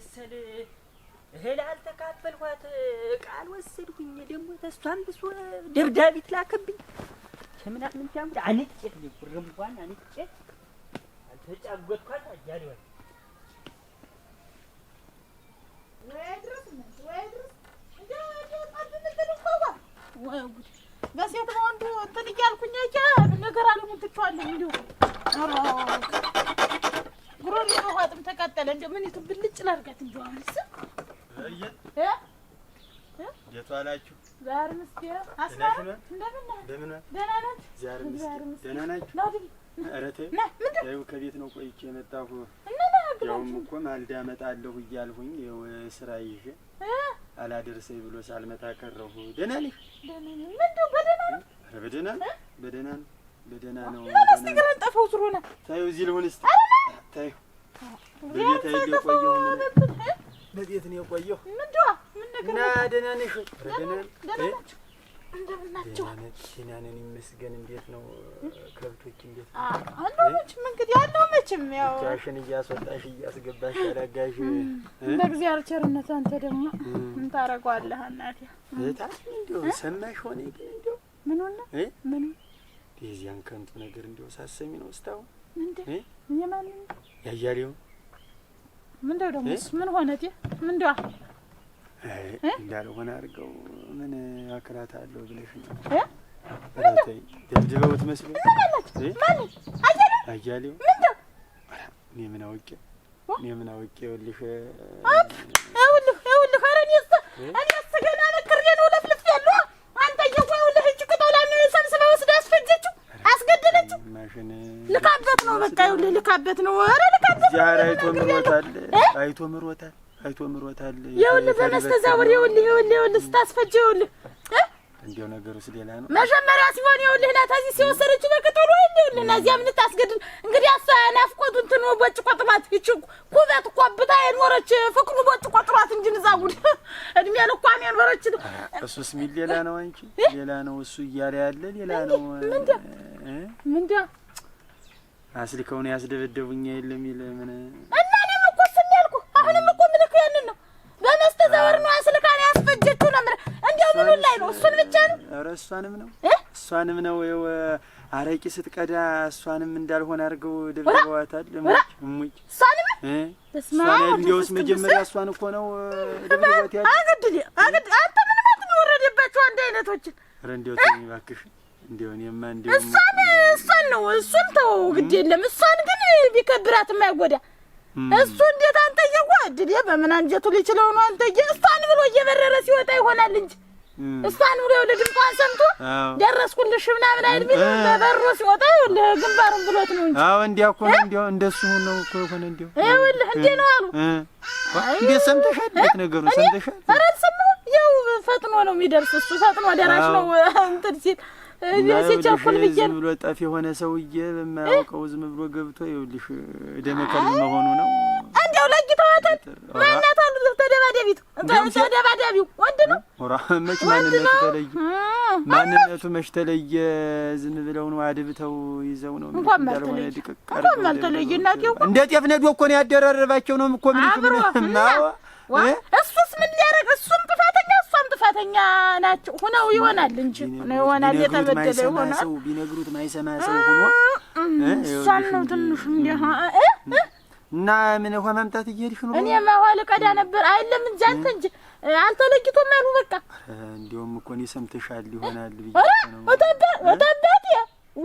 መሰል እህል አልተካፈልኳት ቃል ወሰድኩኝ። ደግሞ ተስቷን ብሶ ደብዳቤ ትላክብኝ ከምናምን ጃም አንጨት እንኳን አንጨት አልተጫጎትኳት አያሌዋል በሴት ወንዱ እንትን እያልኩኝ ነገር አለሙን ትቸዋለሁ እንዲሁ ጉሮሮ አዋጥም ተቃጠለ። እንደው ምን ይቱን ብልጭ ላድርጋት እንደው አምስት እንዴት ዋላችሁ? ዛሬ ምስኪን አስማራ እንደምን ነህ? ደህና ናት። ዛሬ ምስኪን ደህና ናችሁ? ኧረ ተይው ተይው፣ ከቤት ነው ቆይቼ የመጣሁ። ያውም እኮ ማልዳ እመጣለሁ እያልሁኝ ያው ስራ ይዤ አላደርሰኝ ብሎ ሳልመጣ ቀረሁ። ደህና ነሽ? ምንድን በደህና ነው? በደህና ነው፣ በደህና ነው፣ በደህና ነው። ለምን እስኪ ገለጠፈው ዝሮና እዚህ ልሁን እስኪ ታዩ በቤት ነው የቆየሁ። ደህና ነን ይመስገን። እንዴት ነው ከብቶች? እንዴት ያለው መቼም ያው እያስወጣሽ እያስገባሽ እንደ እግዚአብሔር ቸርነት። አንተ ደግሞ ምን እናቴ ሰማሽ ሆነ ግን የዚያን ከንቱ ነገር እንደው ሳሰሚ ነው እስካሁን ያያሌው ምንደው ደግሞ እሱ ምን ሆነ? ምንዷ እንዳልሆነ አድርገው ምን አክራት አለው ብለሽ ነው ደብድበውት መስሎኝ። አያሌው እኔ ምን አውቄ ምን አውቄ ይኸውልሽ ልካበት ነው በቃ ይኸውልህ፣ ልካበት ነው። ኧረ ልካበት ነው። አይቶ ምሮታል፣ አይቶ ምሮታል፣ አይቶ ምሮታል። ይኸውልህ በመስተዛውር ይኸውልህ፣ ይኸውልህ፣ ይኸውልህ ስታስፈጅ ይኸውልህ እንዲያው ነገሩስ ሌላ ነው። መጀመሪያ ሲሆን ይኸውልህ ናት እዚህ ሲወሰደችው በቅጠሉ ይኸውልህ እና እዚያ ምን ታስገድል እንግዲህ አሷ ናፍቆቱ እንትን ቦጭ ቆጥሯት ይቺ ኩበት ቆብታ የኖረች ፍቅሩ ቦጭ ቆጥሯት እንጂ ንዛውድ እድሜ ልኳን የኖረች እሱስ ሚል ሌላ ነው። አንቺ ሌላ ነው እሱ እያለ ያለ ሌላ ነው ምንድን ምንድን አስልከውን ያስደበደቡኛ የለም ይል ምን እና እኔም እኮ እሱን ያልኩ አሁንም እኮ ምልክ ያንን ነው በመስተዛወር ነው አስልካን ያስፈጀችው ነው። ምን እንዲያው ምኑ ላይ ነው? እሱን ብቻ ነው? ኧረ እሷንም ነው እሷንም ነው ይኸው አረቂ ስትቀዳ እሷንም እንዳልሆነ አድርገው ደብድበዋታል። እሙጭ እሙጭ እሷንም በስመ አብ እንዲያውስ መጀመሪያ እሷን እኮ ነው ደብድበዋት ያለ አግድ አግድ አንተ ምን ማለት ነው? ወረደባቸው አንድ አይነቶችን ኧረ እንዲያው ተይኝ እባክሽ እሷን እሷን ነው እሱን ተው፣ ግድ የለም እሷን ግን ቢከብራት የማይጎዳ እሱ እንዴት አንተየዋ እድል በምን አንጀቱ ሊችለው ነው? አንተየ እሷን ብሎ እየበረረ ሲወጣ ይሆናል እንጂ እሷን ብሎ የሆነ ድምጿን ሰምቶ ደረስኩልሽ ምናምን አይል ቢል በበሩ ሲወጣ ግንባሩን ብሎት ነው እንጂ። አዎ እንዲያ እኮ ነው። እንዲያው እንደሱ ነው እኮ የሆነ እንዲያው ይኸውልህ፣ እንዴ ነው አሉ እንዴ ሰምተሻል? እንዴት ነገሩ ሰምተሻል? ኧረ አልሰማሁም። ያው ፈጥኖ ነው የሚደርስ እሱ ፈጥኖ ደራሽ ነው እንትን ሲል ብሎ የሆነ ሰውዬ በማያውቀው ዝም ብሎ ገብቶ ይኸውልሽ ደመከል መሆኑ ነው። እንደው ማናት አሉ ተደባደቢቱ ተደባደቢው ወንድ ነው። መች ማንነቱ ተለየ፣ ማንነቱ መች ተለየ። ዝም ብለው ነው አድብተው ይዘው ነው እንኳን ማልተለየ እንደ ጤፍ ነዶ እኮ ነው ያደራረባቸው ነው እኮ ምን እሱስ ምን እሱም ጥፋተኛ ጥፋተኛ ናቸው ሆነው ይሆናል እንጂ ነው ይሆናል የተበደለ ይሆናል ቢነግሩት ማይሰማ ሰው ሆኖ እሷን ነው ትንሹ እንዲያ እና ምን ውሃ መምጣት እየሄድሽ ነው? እኔ ውሃ ልቀዳ ነበር። አይለም እንጂ አንተ እንጂ አልተለይቶም አሉ። በቃ እንዲያውም እኮ እኔ ሰምተሻል ይሆናል ብዬሽ ነው። ወታባቴ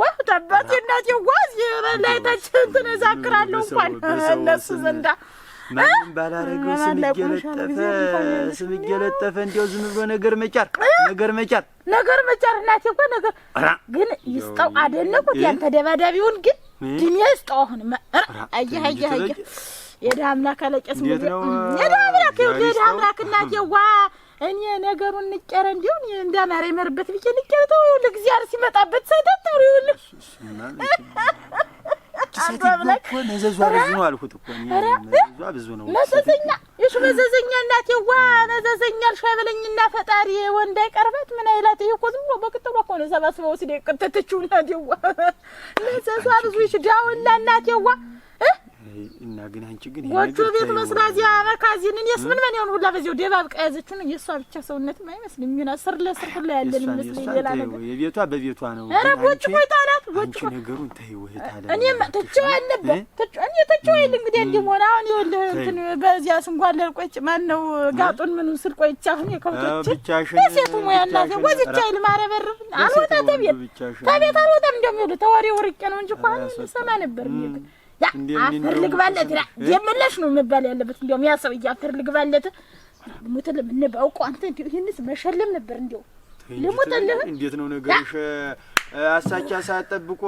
ዋ ወታባቴ እናቴ ዋዝ ላይ ታችን ትነዛክራለሁ እንኳን እነሱ ዘንዳ ማንም ባላረገው ስም እየለጠፈ ስም እየለጠፈ እንዲያው ዝም ብሎ ነገር መጫር ነገር መጫር ነገር መጫር እናቴ እኮ ነገር ግን ይስጠው አደነቁት። ያንተ ደባዳቢውን ግን ድሜ ይስጠው። አሁን አየህ አየህ አየህ የድሀ አምላክ አለቀስ ሙ የድሀ አምላክ የድሀ አምላክ እናቴ ዋ እኔ ነገሩን እንጨረ እንዲሁን እንዳማረ ይመርበት ብዬ እንጨረ ተው ለጊዜ ሲመጣበት ሰደት ብሎ ይሁን መዘዟ ብዙ መዘዟ ብዙ ነው። መዘዘኛ የእሱ መዘዘኛ እናት የዋ መዘዘኛ አልሻበለኝና ፈጣሪ ወንድ ሰባስበው ሲደቅተተችው እናት የዋ መዘዟ ብዙ ይችዳውላ እናት የዋ እና ግን አንቺ ግን ጎጆ ቤት መስላ እዚያ መካዚን እኔስ ምን ምን ይሆን ሁላ በዚያው ደባብ ቀያዘችን የእሷ ብቻ ሰውነትም አይመስልም። ይሁን ስር ለስር ሁላ ያለን ይመስለኝ ሌላ ነገር የቤቷ በቤቷ ነው። ኧረ ቦጭ ቆይ ታላት ቦጭ ነገሩን ታይ ወህት አለ እኔ አልነበር ተቸው እኔ ተቸው አይል እንግዲህ እንዲህ ሆነ። አሁን ይኸውልህ እንትን በዚያ ስንጓለል ቆጭ ማን ነው ጋጡን ምን ስል ቆይቻ አሁን የከብቶች የሴቱ ሙያ እናት ወዝቻ አይል ማረበር አልወጣ ተቤት ተቤት አልወጣም እንደሚሉ ተወሬ ወርቄ ነው እንጂ እኮ አሁን ሰማ ነበር ምን አፈር ልግባለት የመለሽ ነው መባል ያለበት። እንዲያውም ያ ሰውዬ አፈር ልግባለት ልሙትን ለምንብ አንተ እንዲሁ ይህንስ መሸለም ነበር። እንዲያው ልሙትልህ እንዴት ነው ነገርሽ? አሳቻ ሰዓት ጠብቆ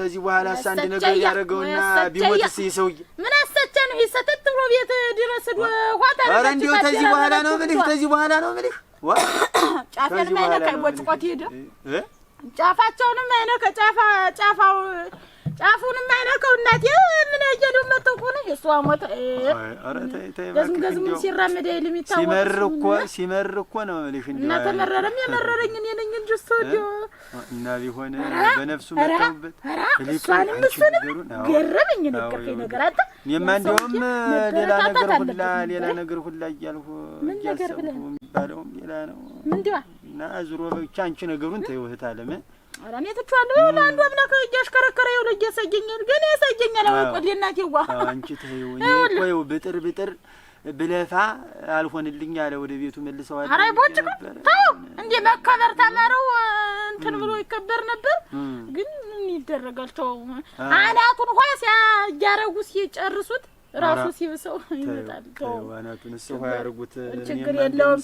ተዚህ በኋላ እሳ አንድ ነገር ያደረገውና ቢሞትስ ይህ ሰውዬ ምን አሳቻ ነው? ሰተት ብሎ ቤት ድረስ ኋታ ኧረ እንዲሁ ተዚህ በኋላ ነው የምልሽ፣ ተዚህ በኋላ ነው የምልሽ። ጫፌንም አይነካ ቦጭቆት ሄደ ጫፋቸውንም አይነካ ጫፋ ጫፋው ጫፉንም አይነካው እናቴ። ምን ያየሉ መጥተው ከሆነ የእሷ ሞት። ኧረ ተይ ተይ፣ ገዝም ገዝም ሲራመድ ለሚታወቅ ሲመር እኮ ሲመር እኮ ነው ልሽ እንዲ እና ተመረረም የመረረኝ እኔ ነኝ እንጂ እሱ ወዲሁ እና ቢሆን በነፍሱ መጣውበት እሷንም እሱንም ገረመኝ። ነቀፌ ነገር አጣ። እኔማ እንደውም ሌላ ነገር ሁላ ሌላ ነገር ሁላ እያልሁ ምን ነገር ብለህ የሚባለውም ሌላ ነው ምንድነው እና ዙሮ ብቻ አንቺ ነገሩን ተይው እህት አለም ኧረ እኔ ትቼዋለሁ። ይኸውልህ አንዱ አምላክ እያሽከረከረ ይኸውልህ እያሳየኛል፣ ግን ያሳየኛል። ቆሌ እናቴ ዋ አንቺ ተይው እኮ ይኸው ብጥር ብጥር ብለፋ አልሆንልኝ አለ። ወደ ቤቱ መልሰዋል። ኧረ ቦጭ ተው እንዴ መከበር ተማረው እንትን ብሎ ይከበር ነበር፣ ግን ምን ይደረጋል? ተው አናቱን ሆ ሲያጃረጉ ሲጨርሱት ራሱ ሲብሰው ይመጣል። ዋናቱን እሱ ሆ ያርጉት ችግር የለውም።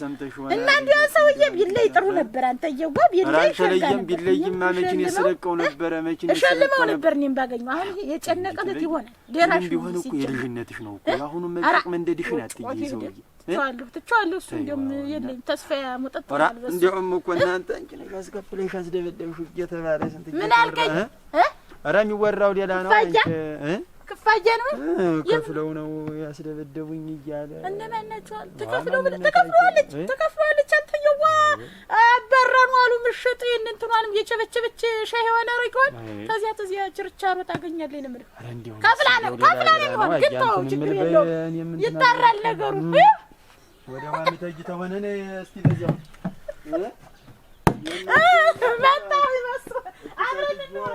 እና እንዲያ ሰውዬ ቢለይ ጥሩ ነበር። አንተዬዋ ቢለይ ሸጋም ቢለይማ መኪን የስለቀው ነበረ መኪን እሸልመው ነበር እኔም ባገኘው። አሁን የጨነቀለት ይሆናል። ደራሽ ቢሆን እኮ የልጅነትሽ ነው እኮ የአሁኑ መጠቅ መንደድሽን ያጥይ ሰውዬ ትቸዋለሁ ትቸዋለሁ። እሱ እንዲሁም የለኝ ተስፋ ሙጠጥ እንዲሁም እኮ እናንተ እንጂ ያስከፍለሽ አስደበደብሽ እየተባለ ስንት ምን አልከኝ? ኧረ የሚወራው ሌላ ነው። ክፋያ ነው ከፍለው ነው ያስደበደቡኝ እያለ እነማን ናቸው? ተከፍለው ተከፍለዋለች ተከፍለዋለች። አንተየዋ አባራኑ አሉ ምሽጥ እንትኗንም የቸበቸበች ሻይ የሆነ ረኪዋን ከዚያ ተዚያ ችርቻሮ ታገኛለህ ነው የምልህ። ከፍላ ነው ከፍላ ነው የሚሆን ግን ተው፣ ችግር የለውም ይጣራል ነገሩ። ወደ ማሚተ እጅ ተሆነ ነይ እስኪ በዚያው መጣሁ ይመስል አብረን እንወራ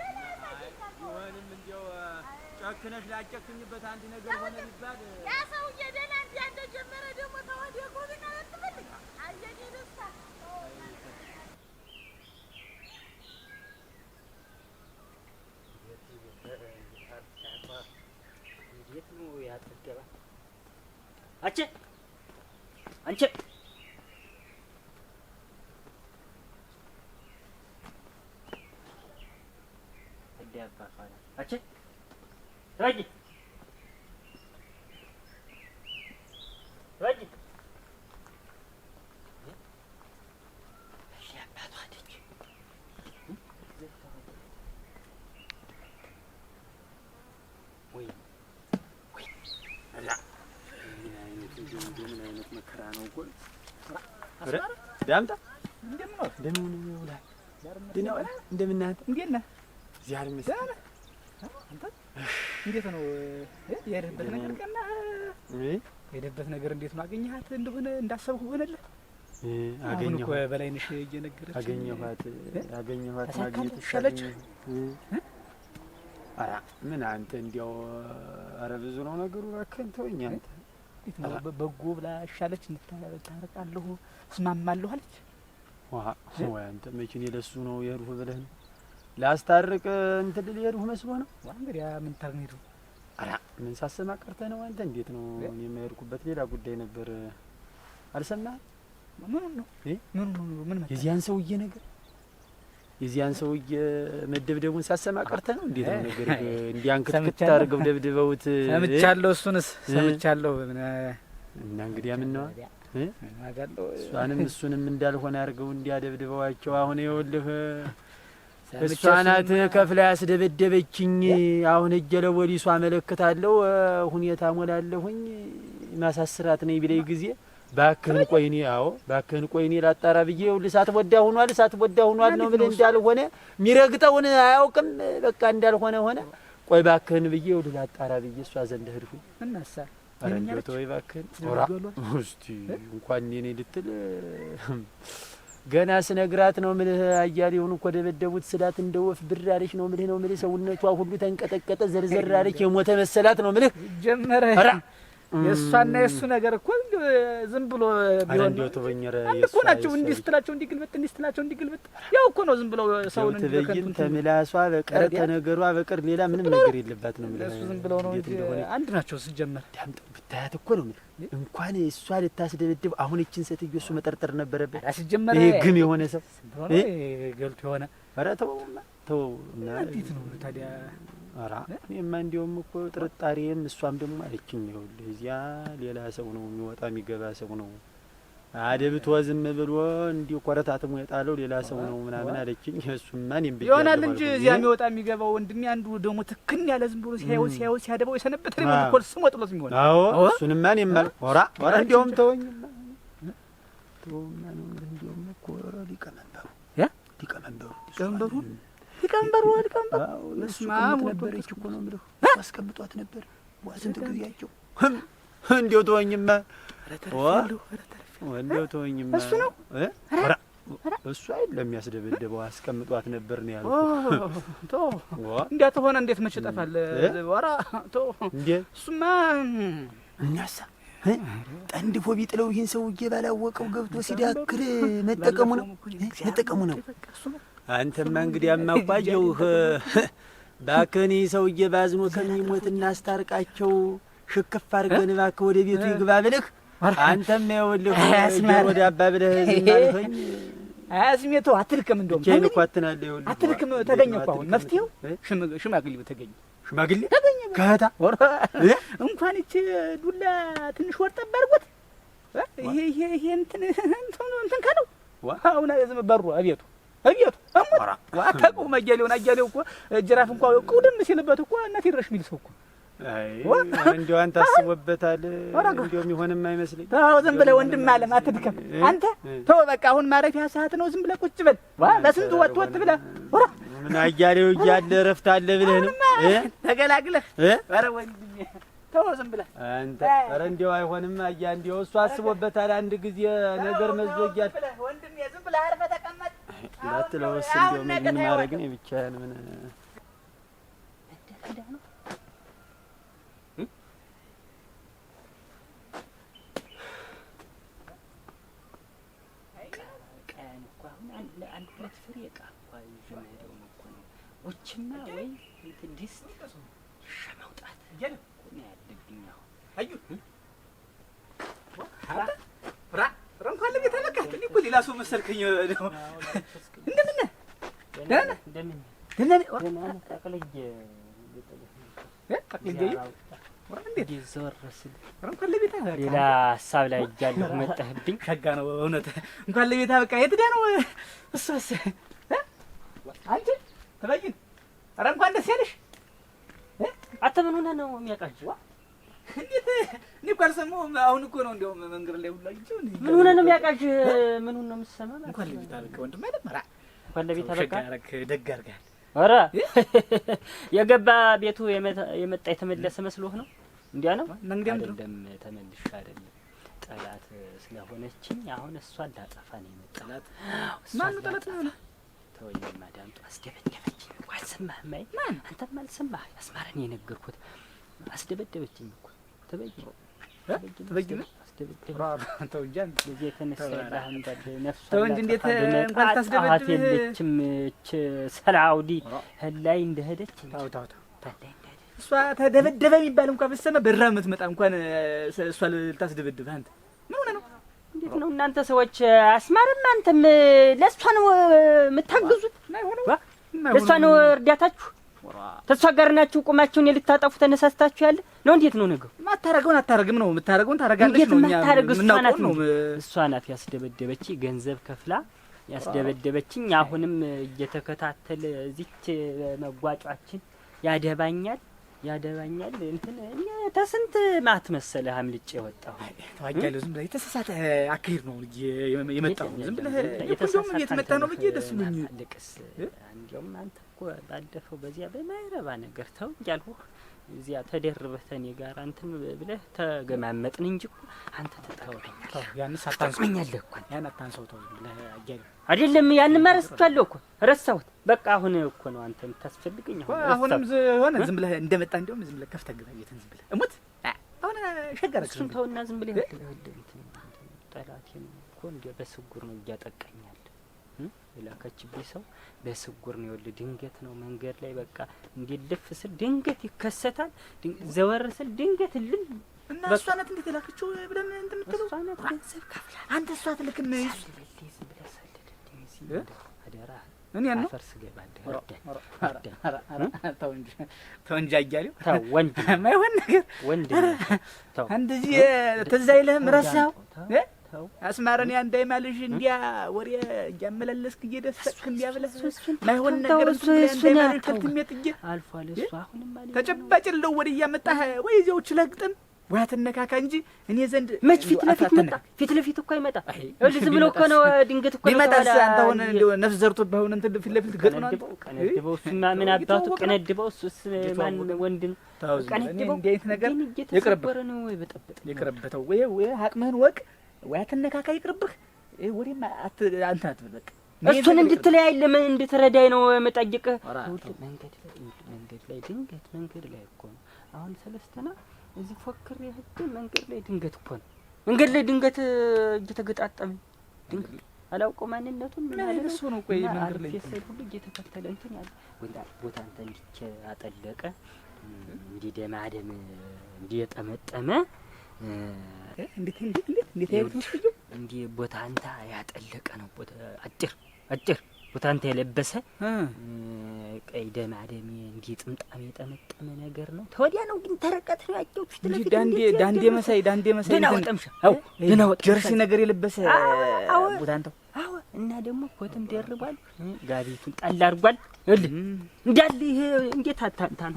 ወይንም እንዲያው ጨክነሽ ላጨክኝበት አንድ ነገር ሆነ ቢባል ያ ሰውዬ ደህና ደግሞ ደስታ አንቺ አንቺ Hadi. Hadi. Je n'ai pas droit d'études. Oui. Oui. Là. ደምታ እንደምን ነው እንደምን ነው እንደምን ነው እንደምን ነው እንደምን ነው እንዴት ነው ነገር ቀና ነገር እንዴት ነው አገኘሃት እንደሆነ እንዳሰብኩ ሆነልህ አገኘሁ በላይነሽ እየነገረች አገኘኋት አገኘኋት ማግኘት ይሻለች ምን አንተ እንዲያው ኧረ ብዙ ነው ነገሩ እባክህን ተወኝ አንተ በጎ ብላ እሻለች እንታረቃለሁ እስማማለሁ አለች ዋ ወይ አንተ መቼ እኔ ለእሱ ነው የሄድሁ ብለህ ነው ላስታርቅ እንትን ልል ሄድሁ መስሎህ ነው እንግዲህ ምን ታርግ ነው ምን ሳሰማ ቀርተህ ነው አንተ እንዴት ነው የማሄድኩበት ሌላ ጉዳይ ነበር አልሰማህም ምን ነው ምን ነው ምን መጣ የዚያን ሰውዬ ነገር የዚያን ሰውዬ መደብደቡን ሳሰማ ቀርተህ ነው እንዴት ነው ነገር እንዲያንክትክት አድርገው ደብድበውት ሰምቻለሁ እሱንስ ሰምቻለሁ እና እንግዲያ እንግዲህ ምነዋ እሷንም እሱንም እንዳልሆነ አድርገው እንዲያደብድበዋቸው አሁን ይኸውልህ እሷ ናት ከፍላ ያስደበደበችኝ። አሁን እጀለ ወዲሱ አመለክታለሁ፣ ሁኔታ ሞላለሁኝ። ማሳስራት ነኝ ቢለኝ ጊዜ ባክህን ቆይኒ አዎ ባክህን ቆይኒ ላጣራ ብዬ ልሳት ወዳ ሁኗል ሆኗል፣ ወዳ ሁኗል ነው ብለህ እንዳልሆነ ሚረግጠውን አያውቅም። በቃ እንዳልሆነ ሆነ። ቆይ ባክህን ብዬ ይኸውልህ ላጣራ ብዬ እሷ ዘንድ ህድሁ እናሳ አረንጆቶ ወይ ባክህን ራ እስቲ እንኳን ኔኔ ልትል ገና ስነግራት ነው ምልህ አያሌ የሆኑ እኮ ደበደቡት ስላት እንደወፍ ብር አለች ነው ምልህ ነው ምልህ ሰውነቷ ሁሉ ተንቀጠቀጠ ዘርዘር አለች የሞተ መሰላት ነው ምልህ ጀመረ የእሷና የእሱ ነገር እኮ ዝም ብሎ ቢሆን እኮ ናቸው። እንዲህ ስትላቸው እንዲህ ግልብጥ፣ እንዲህ ስትላቸው እንዲህ ግልብጥ። ያው እኮ ነው ዝም ብሎ ሰውን ትበይን ተምላሷ በቀር ተነገሯ በቀር ሌላ ምንም ነገር የለባት ነው እሱ ዝም ብሎ ነው እንጂ አንድ ናቸው። ስጀመር ዳምጠው ብታያት እኮ ነው እንኳን እሷ ልታስደበድብ አሁን እችን ሴትዮ እሱ መጠርጠር ነበረበት። ሲጀመር ይሄ ግን የሆነ ሰው ገልቶ የሆነ ኧረ ተው ተወው። እንዴት ነው ታዲያ? እኔማ እንዲያውም እኮ ጥርጣሬም እሷም ደግሞ አለችኝ፣ ይኸውልህ እዚያ ሌላ ሰው ነው የሚወጣ የሚገባ ሰው ነው አደብቶ ዝም ብሎ እንዲህ ኮረታትሞ የጣለው ሌላ ሰው ነው ምናምን አለችኝ። እሱማ እኔም ብዬሽ ይሆናል እንጂ እዚያ የሚወጣ የሚገባው ወንድሜ አንዱ ደግሞ ትክን ያለ ዝም ብሎ ሲያየው ሲያየው ሲያደባው የሰነበተ ነው ኮል ስሞ ጥሎት የሚሆን አዎ፣ እሱንማ እኔም አልኩ ሆራ ሆራ እንዲያውም ተወኝ ተወኝ ነው እንዲያውም እኮ ሊቀመንበሩ ሊቀመንበሩ ሊቀመንበሩ ሊቀመንበሩ ሊቀመንበሩ ስማም ነበር እኮ ነው የምልህ። አስቀምጧት ነበር ስንት ጊዜያቸው እንዲው ተወኝማ፣ እንዲው ተወኝማ። እሱ ነው እሱ አይደለም የሚያስደበደበው። አስቀምጧት ነበር ነው ያለው። ቶ እንዲያ ተሆነ እንዴት መቼ ቶ እንዴ እሱማ እናሳ ጠንድፎ ቢጥለው ይህን ሰውዬ ባላወቀው ገብቶ ሲዳክር መጠቀሙ ነው መጠቀሙ ነው አንተማ እንግዲህ አማቋጀውህ ባከኒ ሰውዬ ባዝኖ ከሚሞት እናስታርቃቸው፣ ሽክፍ አድርገን እባክህ ወደ ቤቱ ይግባ ብልህ አንተም ይኸውልህ ወደ አባ ብለህ ዝም አልኸኝ። አያስሜቶ አትልክም፣ እንደውም ቼን እኮ አትናለህ። ይኸውልህ አትልክም ተገኘ እኮ አሁን መፍትሄው ሽማግሌው ተገኘ ሽማግሌ ተገኘ ከህታ እንኳን እቺ ዱላ ትንሽ ወርጠብ አድርጎት ይሄ ይሄ ይሄ እንትን እንትን ካለው ዋው ና ዝም በሩ አቤቱ እቤቱ እሞራ አታውቀው አያሌውን አያሌው እኮ ጅራፍ እንኳ ሲልበት እኮ እናቴ ድረሽ የሚል ሰው እኮ እንዲያው አንተ አስቦበታል። እንዲያው የሚሆንም አይመስለኝ። ተው ዝም ብለህ ወንድም አለም አትድከም አንተ ተው በቃ አሁን ማረፊያ ሰዓት ነው። ዝም ብለህ ቁጭ በል። ወጥ ወጥ ብለህ ምን አያሌው እያለ እረፍት አለ ብለህ ነው ተገላግለህ። ኧረ ወንድሜ ተው ዝም ብለህ አንተ። ኧረ እንዲያው አይሆንም አያ እንዲያው እሱ አስቦበታል። አንድ ጊዜ ነገር ወንድሜ ዝም ብለህ አርፈህ እንዳትለወስ እንዲያው ምን ማድረግ ነው ብቻህን? ምን ዎችማ ወይ ድስት ሸመውጣት ያለብኝ አሁን ሌላ ሰው መሰልከኝ። እንደምን ሌላ ሀሳብ ላይ እያለሁ መጣህብኝ። ሸጋ ነው እውነት። እንኳን ለቤታ በቃ የትዳ ነው እሱስ አንቺ ተበይን። ኧረ እንኳን ደስ ያለሽ። አንተ ምን ሆነህ ነው የሚያውቃችሁ? እንዴት እኔ እኮ አልሰማሁም። አሁን እኮ ነው እንዲያውም መንገድ ላይ ሁላ ምን ሆነህ ነው የሚያውቃችሁ? ምን ሆነህ ነው የምትሰማ? እንኳን ለቤታ በቃ ወንድም አይደል መራ እንኳን ለቤት አበቃ። ደግ አድርገሃል። ኧረ የገባ ቤቱ የመጣ የተመለሰ መስሎህ ነው? እንዲያ ነው መንገድ አይደለም። ተመልሼ አይደለም ጠላት ስለሆነችኝ አሁን እሷ እንዳጠፋ ነው የመጣ። ጠላት ማን ነው? ጠላት ነው። ተወኝ ማዳምጡ አስደበደበችኝ እኮ አልሰማህም? ማይ ማን አንተም አልሰማህ? አስማረን የነገርኩት አስደበደበችኝ እኮ ተበይ ተበይ ነው ሰላውዲ ላይ እንደሄደች እሷ ተደበደበ የሚባል እንኳ በራ የምትመጣ እንኳን እሷ አንተ እንዴት ነው እናንተ ሰዎች? አስማርም አንተም ለእሷ ነው የምታግዙት? ለእሷ ነው እርዳታችሁ ተሷጋርናችሁ ቁማችሁን የልታጠፉ ተነሳስታችሁ ያለ ነው። እንዴት ነው ነገሩ? ማታረገውን አታረግም ነው የምታረገውን ታረጋለች ነው። እሷ ናት ያስደበደበች ገንዘብ ከፍላ ያስደበደበችኝ። አሁንም እየተከታተለ እዚች መጓጫችን ያደባኛል ያደባኛል እንትን ተስንት ማት መሰለህ አምልጬ የወጣው ታዋቂያለሁ። ዝም ብለህ የተሳሳተ አካሄድ ነው የመጣው ዝም ብለህ የተመጣ ነው ብዬ ደስ ብሎኝ እንዲያውም አንተ እኮ ባለፈው በዚያ በማይረባ ነገር ተው እያልሁ እዚያ ተደርበህ ተኔ ጋር አንተም ብለህ ተገማመጥን እንጂ እኮ አንተ ትጠቅመኛለህ። ያንስ ያን አታንሰው አይደለም። ያንማ ረስቻለሁ እኮ ረሳሁት። በቃ አሁን እኮ ነው አንተ የምታስፈልገኝ። አሁንም ሆነ ዝም ብለህ እንደመጣ እንዲሁም ዝም ብለህ ከፍተህ ግባ ቤትን ዝም ብለህ እሙት። አሁን ሸጋር እሱን ተውና ዝም ብለህ ጠላቴ እኮ እንዲ በስጉር ነው እያጠቃኛል የላከችብኝ ሰው በስጉር ነው የወል ድንገት ነው መንገድ ላይ በቃ እንዲልፍ ስል ድንገት ይከሰታል። ዘወር ስል ድንገት ልል እና እሷ ናት እንዴት የላከችው ብለን እንትን የምትለው እሷ ናት። ገንዘብ ከፍላ አንተ እሷ ትልክም አደራ ያን ነው አፈር ስገባ ተው እንጂ ተው እንጂ አያሌው ተው ወንድ ማይሆን ነገር ወንድ ተው እንደዚህ ትዝ አይልህም? ረሳኸው አስማረን ያ እንዳይማልሽ እንዲያ ወሬ እያመላለስክ እየደሰቅክ እንዲያ ብለህ ማይሆን ነገር እሱ እንዳይማልሽ ከትሜ ጥዬ አልፏል። እሱ አሁንም አለ ተጨባጭ ለው ወሬ እያመጣህ ወይ እዚያው ችለግጥም ወይ አትነካካ እንጂ እኔ ዘንድ መች ፊት ለፊት መጣ። ፊት ለፊት እኮ አይመጣ እልህ ዝም ብሎ እኮ ነው። ድንገት እኮ ይመጣ። አንተ አሁን ነፍስ ዘርቶ በሆነ እንትን ፊት ለፊት ገጥ ነው። ቀነድበው እሱማ ምን አባቱ ቀነድበው። እሱስ ማን ወንድ ነው ቀነድበው። እንዲህ አይነት ነገር ይቅርብህ፣ ይቅርብህ። ተው ወይ ወይ አቅምህን ወቅ ወይ አትነካካ፣ ይቅርብህ። ወሬም አንተ አትበል በቃ እሱን እንድትለያይ ለምን እንድትረዳኝ ነው የምጠይቅህ። መንገድ ላይ መንገድ ላይ ድንገት መንገድ ላይ እኮ ነው አሁን ሰለስተና እዚህ ፎክር ያህል መንገድ ላይ ድንገት እኮ ነው መንገድ ላይ ድንገት እየተገጣጠመ ድንገት አላውቀው ማንነቱን ምን እሱ ነው። ቆይ መንገድ ላይ ሁሉ እየተከተለ እንትን ያለ ወንዳ ቦታ አንተ እንዲቸ አጠለቀ እንዲደማደም እንዲየጠመጠመ እንዴት እንዴት እንዴት እንዴት እንዴ ቦታንታ ያጠለቀ ነው። ቦታ አጭር አጭር ቦታንታ የለበሰ ቀይ ደማ ደሜ እንዴ ጥምጣም የጠመጠመ ነገር ነው። ተወዲያ ነው ግን ተረቀት ነው ያቸው ፊት ለፊት ዳንዴ ዳንዴ መሳይ ዳንዴ መሳይ ደና ወጠምሻ አው ደና ወጥ ጀርሲ ነገር የለበሰ ቦታንታው እና ደግሞ ኮትም ደርቧል፣ ጋቢቱን ጣል አድርጓል። እል ይሄ እንዴት አታንታን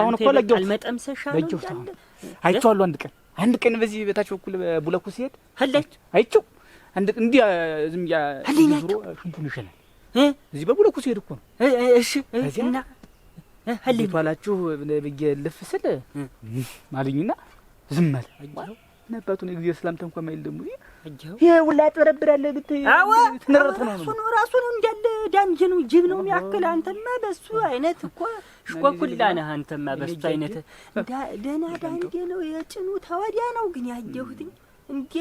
አሁን እኮ አልመጠምሰሻ ነው። አይቼዋለሁ አንድ ቀን አንድ ቀን በዚህ በታች በኩል ቡለኩ ሲሄድ አለች አይቼው አንድ እንዲህ ዝም ያ ዝሮ ሽንቱን ይሸናል። እዚህ በቡለኩ ሲሄድ እኮ ነው። እሺ እዚህና ሀሌ ባላችሁ ብዬ ልፍ ስል ማልኝና ዝም አለ አባቱን እግዚአብሔር ሰላም ተንኳ ማይል ደሙ ይሄ ሁላ ያጥበረብራል ብት ትነረተ ነው ሱኑ ራሱ ነው እንዳለ ዳንጀኑ ጅብ ነው የሚያክል። አንተማ በሱ አይነት እኮ ሽኮኩላ ነህ። አንተማ በሱ አይነት ደህና ዳንጀ ነው የጭኑ ተወዲያ ነው ግን ያየሁትኝ እንዴ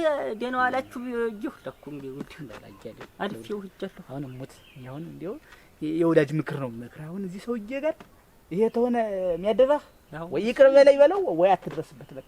ደህና ዋላችሁ ይሁ ለኩ እንዴ ውድ ባላጃለ አልፌው ሂጃለሁ። አሁን ሞት ይሁን እንዴው የወዳጅ ምክር ነው ምክር። አሁን እዚህ ሰውዬ ጋር ይሄ ተሆነ የሚያደባህ ወይ ይቅር በለይ በለው ወይ አትድረስበት በቃ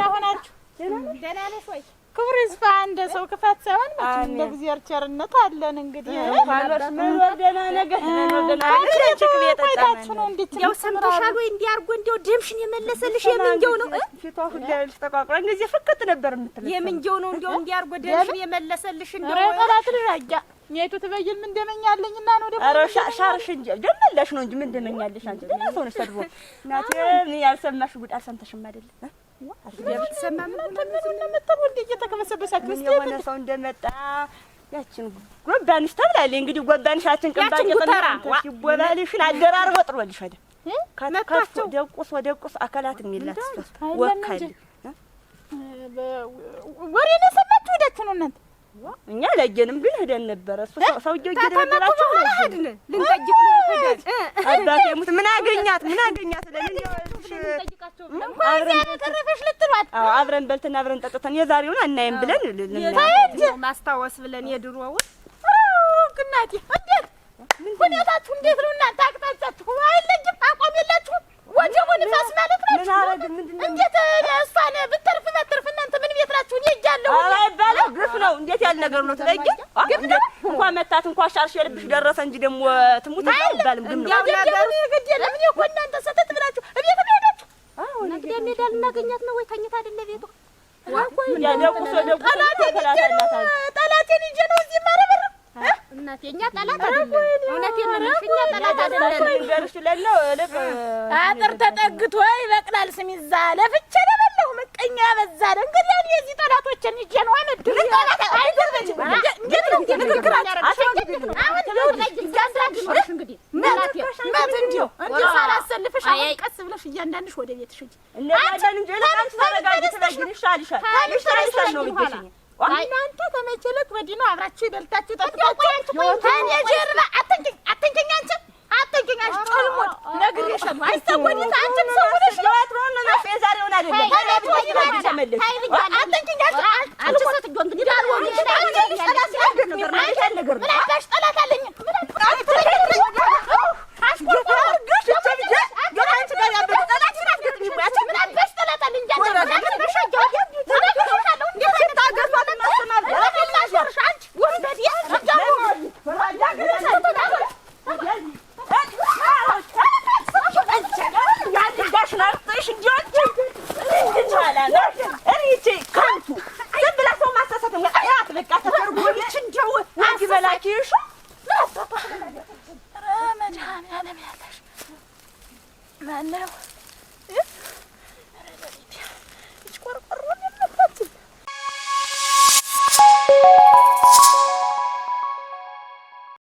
ሆናችሁ ክብር ይስፋ። እንደ ሰው ክፋት ሳይሆን መቼም እንደ እግዚአብሔር ቸርነት አለን። እንግዲህ ምን ወደና ነገር ቆይታችሁ ነው እንዴት እንዲያው ሰምተሻል ወይ? እንዲያርጎ አድርጎ እንዲያው ደምሽን የመለሰልሽ የምንጌው ነው። ፊቷ ሁሉ ተቋቁራ እንደዚህ ፍቅት ነበር የምትለው የምንጌው ነው። እንዲያው እንዲያርጎ አድርጎ ደምሽን የመለሰልሽ እንደው ጠላት ልራጃ ኔቱ ትበይል ምን ደመኛለኝ እና ነው ደግሞ አረ ሻርሽ እንጂ ደመላሽ ነው እንጂ ምን ደመኛለሽ አንቺ ደና ሰው ነሽ ተድቦ እናቴ ምን ያልሰማሽ ጉድ አልሰምተሽም አይደል? የሆነ ሰው እንደመጣ ያችን ጎባንሽ ተብላለች። እንግዲህ ጎባንሻችን ይቦላልሽን አደራርቦ ጥሎልሽ ሄደ። ከትከቱ ደቁስ ወደቁስ አካላት የሚላት ወካል ወሬ ነው ሄዳችሁ ነው እናንተ እኛ ለየንም ግን ሄደን ነበረ። እሱ ሰውዬው እየደረገላችሁ ሄድን ልንጠይቅ አባቴ ሙት ምን አገኛት ምን አገኛት አብረን በልተን አብረን ጠጥተን የዛሬውን አናይም ብለን ማስታወስ ብለን የድሮውን ግናቴ እንዴት ሁኔታችሁ እንዴት ነው እናንተ? አቅጣጫችሁ አይለይም፣ አቋም የላችሁም። ወጀቡን ፋስ ማለት ናችሁ። እንዴት እሷን ብተርፍ አይባልም። ግፍ ነው። እንዴት ያለ ነገር ነው? ትለይ ግፍ ነው። እንኳን መታት እንኳን ሻርሽ የልብሽ ደረሰ እንጂ ደግሞ ትሙት አይባልም። ግፍ ነው። ግድ የለም። እኔ እኮ እናንተ ሰተት ብላችሁ እቤት ነው ሄዳችሁ እንግዲህ ሜዳ ልናገኛት ነው ወይ ተኝታ አይደለ ቤቷ ጠላቴን ይዤ ነው እዚህ የማረበር እናቴ እኛ ጠላት ጠላት ያበዛል። እንግዲህ እኔ እዚህ ጠላቶችን ይዤ ነው አመድር ቀስ ብለሽ እያንዳንድሽ ወደ ቤትሽ እናንተ ተመቸለት ወዲህ ነው አብራችሁ ይበልታችሁ ጠጥታችሁ เดี๋ยวให่ไปก่อนนะ